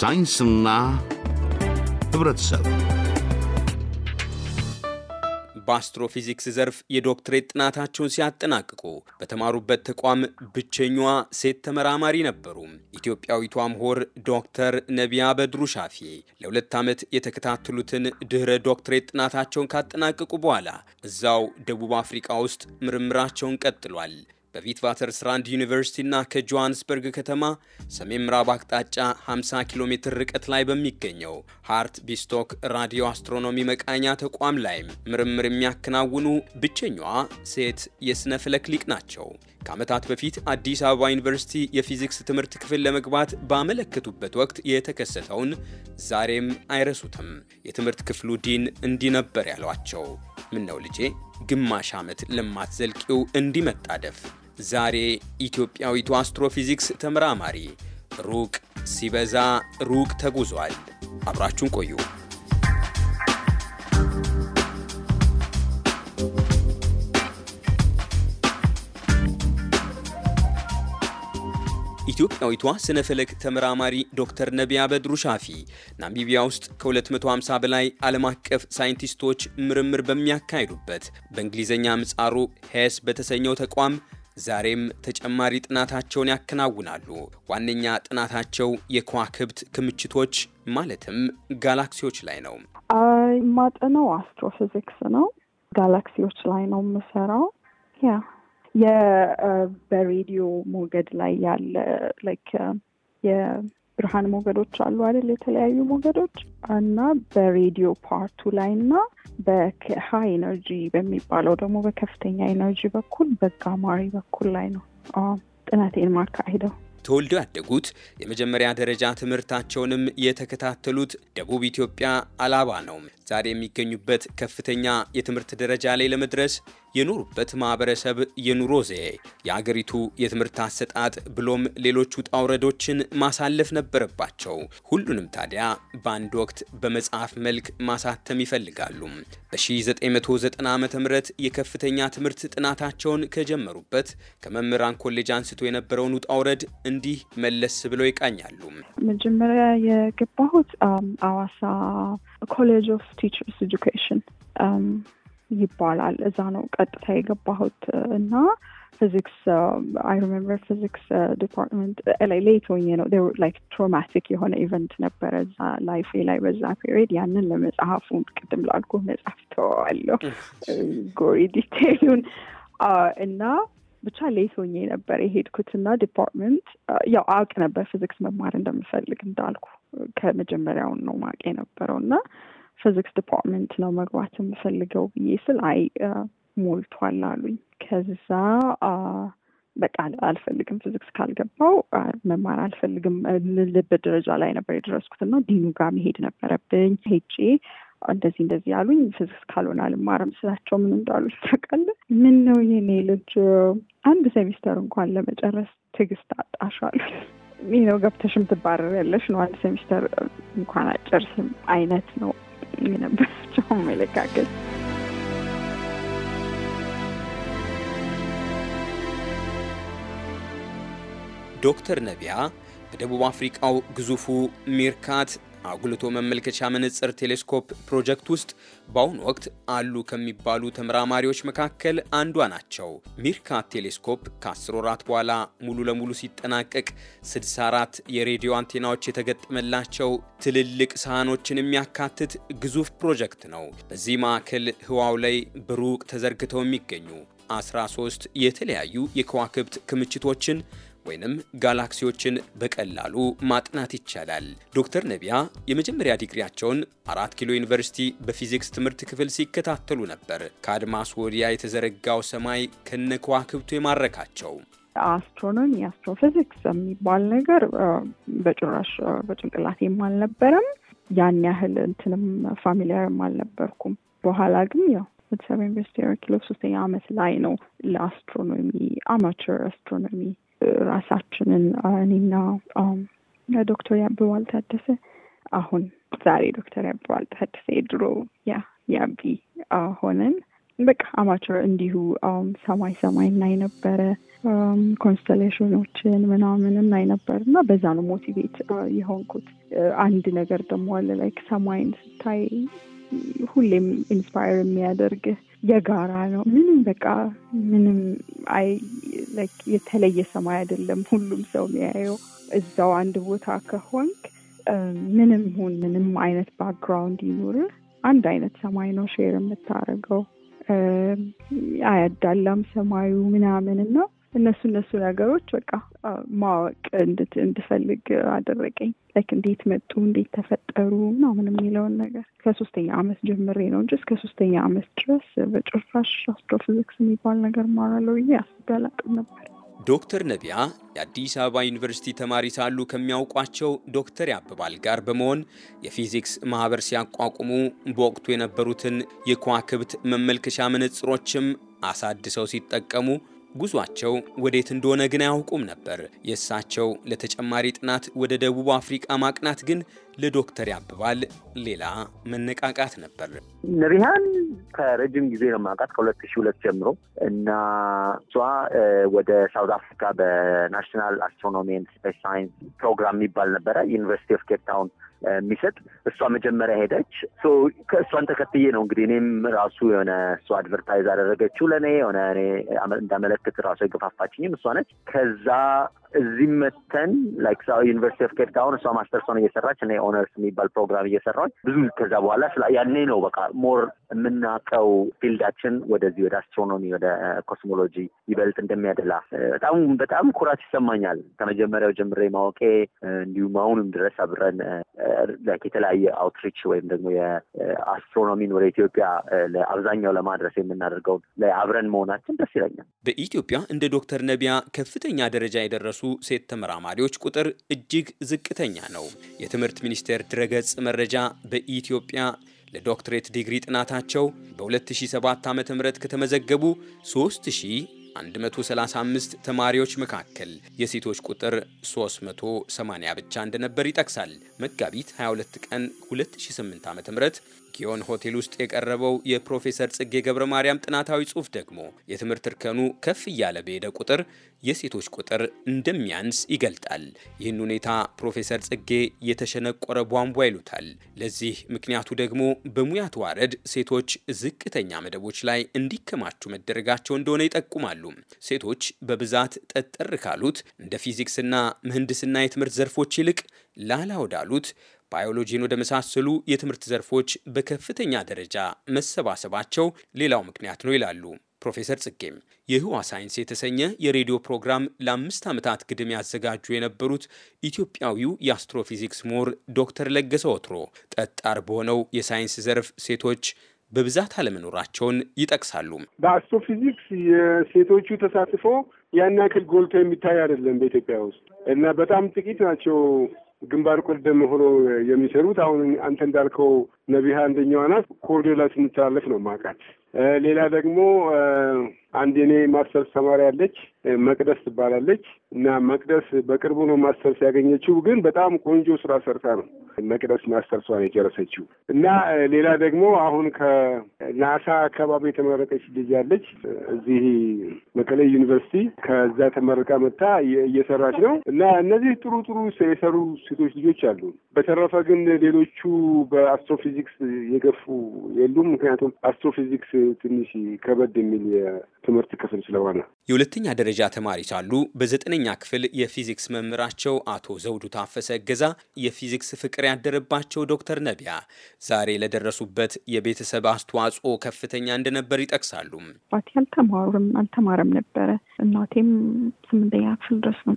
ሳይንስና ህብረተሰብ በአስትሮፊዚክስ ዘርፍ የዶክትሬት ጥናታቸውን ሲያጠናቅቁ በተማሩበት ተቋም ብቸኛዋ ሴት ተመራማሪ ነበሩ። ኢትዮጵያዊቷ ምሁር ዶክተር ነቢያ በድሩ ሻፊ ለሁለት ዓመት የተከታተሉትን ድህረ ዶክትሬት ጥናታቸውን ካጠናቀቁ በኋላ እዛው ደቡብ አፍሪካ ውስጥ ምርምራቸውን ቀጥሏል። ዩኒቨርሲቲ ዩኒቨርሲቲና ከጆሃንስበርግ ከተማ ሰሜን ምዕራብ አቅጣጫ 50 ኪሎ ሜትር ርቀት ላይ በሚገኘው ሃርት ቢስቶክ ራዲዮ አስትሮኖሚ መቃኛ ተቋም ላይ ምርምር የሚያከናውኑ ብቸኛዋ ሴት የሥነ ፍለክ ሊቅ ናቸው። ከዓመታት በፊት አዲስ አበባ ዩኒቨርሲቲ የፊዚክስ ትምህርት ክፍል ለመግባት ባመለከቱበት ወቅት የተከሰተውን ዛሬም አይረሱትም። የትምህርት ክፍሉ ዲን እንዲህ ነበር ያሏቸው፣ ምነው ልጄ ግማሽ ዓመት ለማትዘልቂው እንዲመጣደፍ ዛሬ ኢትዮጵያዊቱ አስትሮፊዚክስ ተመራማሪ ሩቅ ሲበዛ ሩቅ ተጉዟል። አብራችሁን ቆዩ። ኢትዮጵያዊቷ ስነ ፈለክ ተመራማሪ ዶክተር ነቢያ በድሩ ሻፊ ናሚቢያ ውስጥ ከ250 በላይ ዓለም አቀፍ ሳይንቲስቶች ምርምር በሚያካሂዱበት በእንግሊዝኛ ምጻሩ ሄስ በተሰኘው ተቋም ዛሬም ተጨማሪ ጥናታቸውን ያከናውናሉ። ዋነኛ ጥናታቸው የከዋክብት ክምችቶች ማለትም ጋላክሲዎች ላይ ነው። ማጠናው አስትሮፊዚክስ ነው። ጋላክሲዎች ላይ ነው የምሰራው። ያ የበሬዲዮ ሞገድ ላይ ያለ ላይክ የብርሃን ሞገዶች አሉ አይደል? የተለያዩ ሞገዶች እና በሬዲዮ ፓርቱ ላይ እና በሀይ ኤነርጂ በሚባለው ደግሞ በከፍተኛ ኤነርጂ በኩል በጋማሪ በኩል ላይ ነው ጥናቴን ማካሄደው። ተወልዶ ያደጉት የመጀመሪያ ደረጃ ትምህርታቸውንም የተከታተሉት ደቡብ ኢትዮጵያ አላባ ነው። ዛሬ የሚገኙበት ከፍተኛ የትምህርት ደረጃ ላይ ለመድረስ የኖሩበት ማህበረሰብ የኑሮ ዘዬ፣ የአገሪቱ የትምህርት አሰጣጥ ብሎም ሌሎች ውጣ ውረዶችን ማሳለፍ ነበረባቸው። ሁሉንም ታዲያ በአንድ ወቅት በመጽሐፍ መልክ ማሳተም ይፈልጋሉ። በ1990 ዓ ም የከፍተኛ ትምህርት ጥናታቸውን ከጀመሩበት ከመምህራን ኮሌጅ አንስቶ የነበረውን ውጣ ውረድ እንዲህ መለስ ብለው ይቃኛሉ። መጀመሪያ የገባሁት አዋሳ ኮሌጅ ኦፍ ቲቸርስ ኤጁኬሽን ይባላል። እዛ ነው ቀጥታ የገባሁት እና ፊዚክስ አይ ሪሜምበር ፊዚክስ ዲፓርትመንት ላይ ሌት ሆኜ ነው ላይክ ትሮማቲክ የሆነ ኢቨንት ነበረ እዛ ላይፌ ላይ በዛ ፔሪድ ያንን ለመጽሐፉ ቅድም ላልኩ መጽሐፍ ተዋዋለሁ ጎሪ ዲቴሉን እና ብቻ ሌት ሆኜ ነበር የሄድኩት እና ዲፓርትመንት uh, ያው አውቅ ነበር ፊዚክስ መማር እንደምፈልግ እንዳልኩ ከመጀመሪያውን ነው ማቅ የነበረው እና ፊዚክስ ዲፓርትመንት ነው መግባት የምፈልገው ብዬ ስል አይ ሞልቷል አሉኝ። ከዛ በቃ አልፈልግም፣ ፊዚክስ ካልገባው መማር አልፈልግም ልልበት ደረጃ ላይ ነበር የደረስኩት እና ዲኑ ጋር መሄድ ነበረብኝ። ሄጄ እንደዚህ እንደዚህ አሉኝ፣ ፊዚክስ ካልሆነ አልማርም ስላቸው ምን እንዳሉ ታውቃለህ? ምን ነው የኔ ልጅ አንድ ሴሚስተር እንኳን ለመጨረስ ትዕግስት አጣሽ አሉኝ። ይህ ነው ገብተሽም ትባረር ያለሽ ነው አንድ ሴሚስተር እንኳን አጨርስም አይነት ነው የነበራቸው አመለካከት ዶክተር ነቢያ በደቡብ አፍሪቃው ግዙፉ ሚርካት አጉልቶ መመልከቻ መነጽር ቴሌስኮፕ ፕሮጀክት ውስጥ በአሁኑ ወቅት አሉ ከሚባሉ ተመራማሪዎች መካከል አንዷ ናቸው። ሚርካት ቴሌስኮፕ ከአስር ወራት በኋላ ሙሉ ለሙሉ ሲጠናቀቅ 64 የሬዲዮ አንቴናዎች የተገጠመላቸው ትልልቅ ሳህኖችን የሚያካትት ግዙፍ ፕሮጀክት ነው። በዚህ ማዕከል ህዋው ላይ በሩቅ ተዘርግተው የሚገኙ 13 የተለያዩ የከዋክብት ክምችቶችን ወይንም ጋላክሲዎችን በቀላሉ ማጥናት ይቻላል። ዶክተር ነቢያ የመጀመሪያ ዲግሪያቸውን አራት ኪሎ ዩኒቨርሲቲ በፊዚክስ ትምህርት ክፍል ሲከታተሉ ነበር። ከአድማስ ወዲያ የተዘረጋው ሰማይ ከነከዋክብቱ የማረካቸው አስትሮኖሚ አስትሮፊዚክስ የሚባል ነገር በጭራሽ በጭንቅላቴም አልነበረም። ያን ያህል እንትንም ፋሚሊያርም አልነበርኩም። በኋላ ግን ያው ወደ ዩኒቨርሲቲ ኪሎ ሶስተኛ አመት ላይ ነው ለአስትሮኖሚ አማቸር አስትሮኖሚ ራሳችንን እኔና ዶክተር ያብዋል ታደሰ አሁን ዛሬ ዶክተር ያብዋል ታደሰ የድሮ ያ ያቢ ሆነን በቃ አማቸር እንዲሁ ሰማይ ሰማይ እናይ ነበረ ኮንስተሌሽኖችን ምናምን እናይ ነበር እና በዛ ነው ሞቲቬት የሆንኩት። አንድ ነገር ደግሞ አለ ላይክ ሰማይን ስታይ ሁሌም ኢንስፓየር የሚያደርግህ የጋራ ነው። ምንም በቃ ምንም አይ የተለየ ሰማይ አይደለም። ሁሉም ሰው የሚያየው እዛው አንድ ቦታ ከሆንክ ምንም ሁን ምንም አይነት ባክግራውንድ ይኑርህ አንድ አይነት ሰማይ ነው ሼር የምታደርገው። አያዳላም ሰማዩ ምናምን እና እነሱ እነሱ ነገሮች በቃ ማወቅ እንድፈልግ አደረገኝ። ላይክ እንዴት መጡ፣ እንዴት ተፈጠሩ ምናምን የሚለውን ነገር ከሶስተኛ አመት ጀምሬ ነው እንጂ እስከ ሶስተኛ አመት ድረስ በጭራሽ አስትሮፊዚክስ የሚባል ነገር ማራለው ብዬ አስቤ አላቅም ነበር። ዶክተር ነቢያ የአዲስ አበባ ዩኒቨርሲቲ ተማሪ ሳሉ ከሚያውቋቸው ዶክተር ያብባል ጋር በመሆን የፊዚክስ ማህበር ሲያቋቁሙ በወቅቱ የነበሩትን የከዋክብት መመልከሻ መነጽሮችም አሳድሰው ሲጠቀሙ ጉዟቸው ወዴት እንደሆነ ግን አያውቁም ነበር። የእሳቸው ለተጨማሪ ጥናት ወደ ደቡብ አፍሪቃ ማቅናት ግን ለዶክተር ያብባል ሌላ መነቃቃት ነበር። ነቢሃን ከረጅም ጊዜ ነው ማውቃት ከሁለት ሺህ ሁለት ጀምሮ እና እሷ ወደ ሳውት አፍሪካ በናሽናል አስትሮኖሚ ኤንድ ስፔስ ሳይንስ ፕሮግራም የሚባል ነበረ ዩኒቨርሲቲ ኦፍ ኬፕ ታውን የሚሰጥ እሷ መጀመሪያ ሄደች። ከእሷን ተከትዬ ነው እንግዲህ እኔም ራሱ የሆነ እሱ አድቨርታይዝ አደረገችው ለእኔ የሆነ እኔ እንዳመለክት ራሱ የገፋፋችኝም እሷ ነች። ከዛ እዚህ መተን ላይክ ዩኒቨርሲቲ ኦፍ ኬፕ ታውን እሷ ማስተርሷን እየሰራች እኔ ኦነርስ የሚባል ፕሮግራም እየሰራች ብዙ ከዛ በኋላ ያኔ ነው በቃ ሞር የምናውቀው ፊልዳችን ወደዚህ ወደ አስትሮኖሚ ወደ ኮስሞሎጂ uh, ይበልጥ እንደሚያደላ uh, በጣም በጣም ኩራት ይሰማኛል። ከመጀመሪያው ጀምሬ ማወቄ uh, እንዲሁም አሁንም ድረስ አብረን የተለያየ አውትሪች ወይም ደግሞ የአስትሮኖሚን ወደ ኢትዮጵያ አብዛኛው ለማድረስ የምናደርገው ላይ አብረን መሆናችን ደስ ይለኛል። በኢትዮጵያ እንደ ዶክተር ነቢያ ከፍተኛ ደረጃ የደረሱ የደረሱ ሴት ተመራማሪዎች ቁጥር እጅግ ዝቅተኛ ነው። የትምህርት ሚኒስቴር ድረገጽ መረጃ በኢትዮጵያ ለዶክትሬት ዲግሪ ጥናታቸው በ2007 ዓ ም ከተመዘገቡ 3135 ተማሪዎች መካከል የሴቶች ቁጥር 380 ብቻ እንደነበር ይጠቅሳል። መጋቢት 22 ቀን 2008 ዓ ም ጊዮን ሆቴል ውስጥ የቀረበው የፕሮፌሰር ጽጌ ገብረ ማርያም ጥናታዊ ጽሑፍ ደግሞ የትምህርት እርከኑ ከፍ እያለ በሄደ ቁጥር የሴቶች ቁጥር እንደሚያንስ ይገልጣል። ይህን ሁኔታ ፕሮፌሰር ጽጌ የተሸነቆረ ቧንቧ ይሉታል። ለዚህ ምክንያቱ ደግሞ በሙያ ተዋረድ ሴቶች ዝቅተኛ መደቦች ላይ እንዲከማቹ መደረጋቸው እንደሆነ ይጠቁማሉ። ሴቶች በብዛት ጠጠር ካሉት እንደ ፊዚክስና ምህንድስና የትምህርት ዘርፎች ይልቅ ላላ ወዳሉት ባዮሎጂን ወደ መሳሰሉ የትምህርት ዘርፎች በከፍተኛ ደረጃ መሰባሰባቸው ሌላው ምክንያት ነው ይላሉ ፕሮፌሰር ጽጌም። የህዋ ሳይንስ የተሰኘ የሬዲዮ ፕሮግራም ለአምስት ዓመታት ግድም ያዘጋጁ የነበሩት ኢትዮጵያዊው የአስትሮፊዚክስ ምሁር ዶክተር ለገሰ ወትሮ ጠጣር በሆነው የሳይንስ ዘርፍ ሴቶች በብዛት አለመኖራቸውን ይጠቅሳሉ። በአስትሮፊዚክስ የሴቶቹ ተሳትፎ ያን ያክል ጎልቶ የሚታይ አይደለም በኢትዮጵያ ውስጥ እና በጣም ጥቂት ናቸው ግንባር ቀደም ሆኖ የሚሰሩት አሁን አንተ እንዳልከው ነቢሃ አንደኛዋ ናት። ኮርዶላ ስንተላለፍ ነው ማቃት። ሌላ ደግሞ አንድ የኔ ማስተርስ ተማሪ አለች፣ መቅደስ ትባላለች እና መቅደስ በቅርቡ ነው ማስተርስ ያገኘችው፣ ግን በጣም ቆንጆ ስራ ሰርታ ነው መቅደስ ማስተርሷን የጨረሰችው እና ሌላ ደግሞ አሁን ከናሳ አካባቢ የተመረቀች ልጅ ያለች እዚህ መቀሌ ዩኒቨርሲቲ ከዛ ተመርቃ መታ እየሰራች ነው እና እነዚህ ጥሩ ጥሩ የሰሩ ሴቶች ልጆች አሉ። በተረፈ ግን ሌሎቹ በአስትሮፊዚክስ የገፉ የሉም። ምክንያቱም አስትሮፊዚክስ ትንሽ ከበድ የሚል የትምህርት ክፍል ስለሆነ የሁለተኛ ደረጃ ተማሪ ሳሉ በዘጠነኛ ክፍል የፊዚክስ መምህራቸው አቶ ዘውዱ ታፈሰ እገዛ የፊዚክስ ፍቅር ያደረባቸው ዶክተር ነቢያ ዛሬ ለደረሱበት የቤተሰብ አስተዋጽኦ ከፍተኛ እንደነበር ይጠቅሳሉ። አባቴ አልተማሩም አልተማረም ነበረ። እናቴም ስምንተኛ ክፍል ድረስ ነው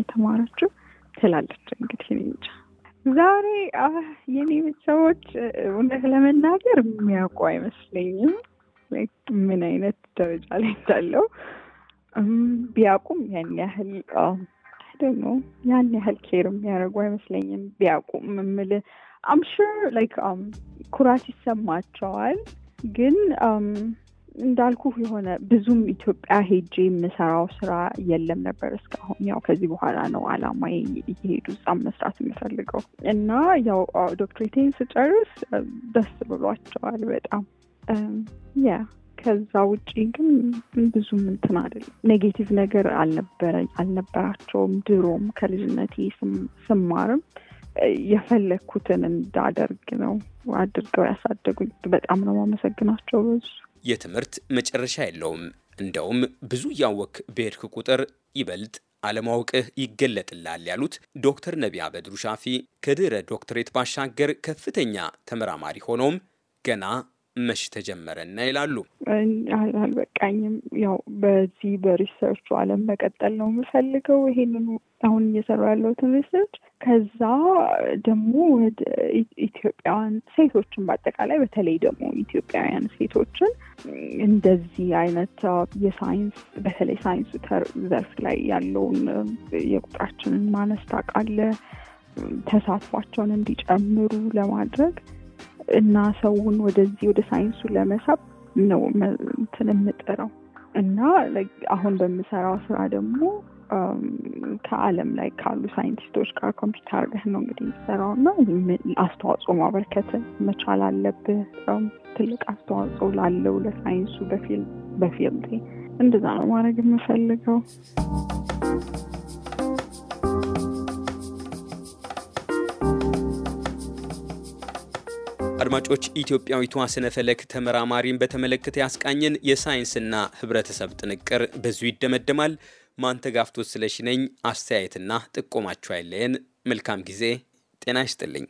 የተማረችው ትላለች። እንግዲህ እንጃ ዛሬ የኔ ቤተሰቦች እውነት ለመናገር የሚያውቁ አይመስለኝም ምን አይነት ደረጃ ላይ እንዳለው ቢያውቁም ያን ያህል ደግሞ ያን ያህል ኬር የሚያደርጉ አይመስለኝም። ቢያውቁም ምል አምሹር ላይክ ኩራት ይሰማቸዋል። ግን እንዳልኩ የሆነ ብዙም ኢትዮጵያ ሄጄ የምሰራው ስራ የለም ነበር እስካሁን። ያው ከዚህ በኋላ ነው አላማ እየሄዱ እዛም መስራት የምፈልገው እና ያው ዶክትሬቴን ስጨርስ ደስ ብሏቸዋል በጣም ያ ከዛ ውጪ ግን ብዙም እንትን አይደለም። ኔጌቲቭ ነገር አልነበረ አልነበራቸውም። ድሮም ከልጅነቴ ስማርም የፈለግኩትን እንዳደርግ ነው አድርገው ያሳደጉኝ። በጣም ነው ማመሰግናቸው። በዙ የትምህርት መጨረሻ የለውም። እንደውም ብዙ እያወክ በሄድክ ቁጥር ይበልጥ አለማወቅህ ይገለጥላል ያሉት ዶክተር ነቢያ በድሩ ሻፊ ከድህረ ዶክትሬት ባሻገር ከፍተኛ ተመራማሪ ሆነውም ገና መች እና ይላሉ። አልበቃኝም። ያው በዚህ በሪሰርቹ አለም መቀጠል ነው የምፈልገው ይሄንን አሁን እየሰሩ ያለሁትን ሪሰርች ከዛ ደግሞ ወደ ኢትዮጵያውያን ሴቶችን በአጠቃላይ በተለይ ደግሞ ኢትዮጵያውያን ሴቶችን እንደዚህ አይነት የሳይንስ በተለይ ሳይንሱ ዘርፍ ላይ ያለውን የቁጥራችንን ማነስ ታውቃለህ ተሳትፏቸውን እንዲጨምሩ ለማድረግ እና ሰውን ወደዚህ ወደ ሳይንሱ ለመሳብ ነው እንትን የምጥረው እና አሁን በምሰራው ስራ ደግሞ ከአለም ላይ ካሉ ሳይንቲስቶች ጋር ኮምፒውተር አድርገህ ነው እንግዲህ የሚሰራው እና አስተዋጽኦ ማበርከት መቻል አለብህ። ትልቅ አስተዋጽኦ ላለው ለሳይንሱ በፊልም እንደዛ ነው ማድረግ የምፈልገው። አድማጮች ኢትዮጵያዊቷ ስነፈለክ ተመራማሪን በተመለከተ ያስቃኘን የሳይንስና ህብረተሰብ ጥንቅር ብዙ ይደመደማል። ማንተጋፍቶት ስለሽነኝ አስተያየትና ጥቆማችሁ አይለየን። መልካም ጊዜ። ጤና ይስጥልኝ።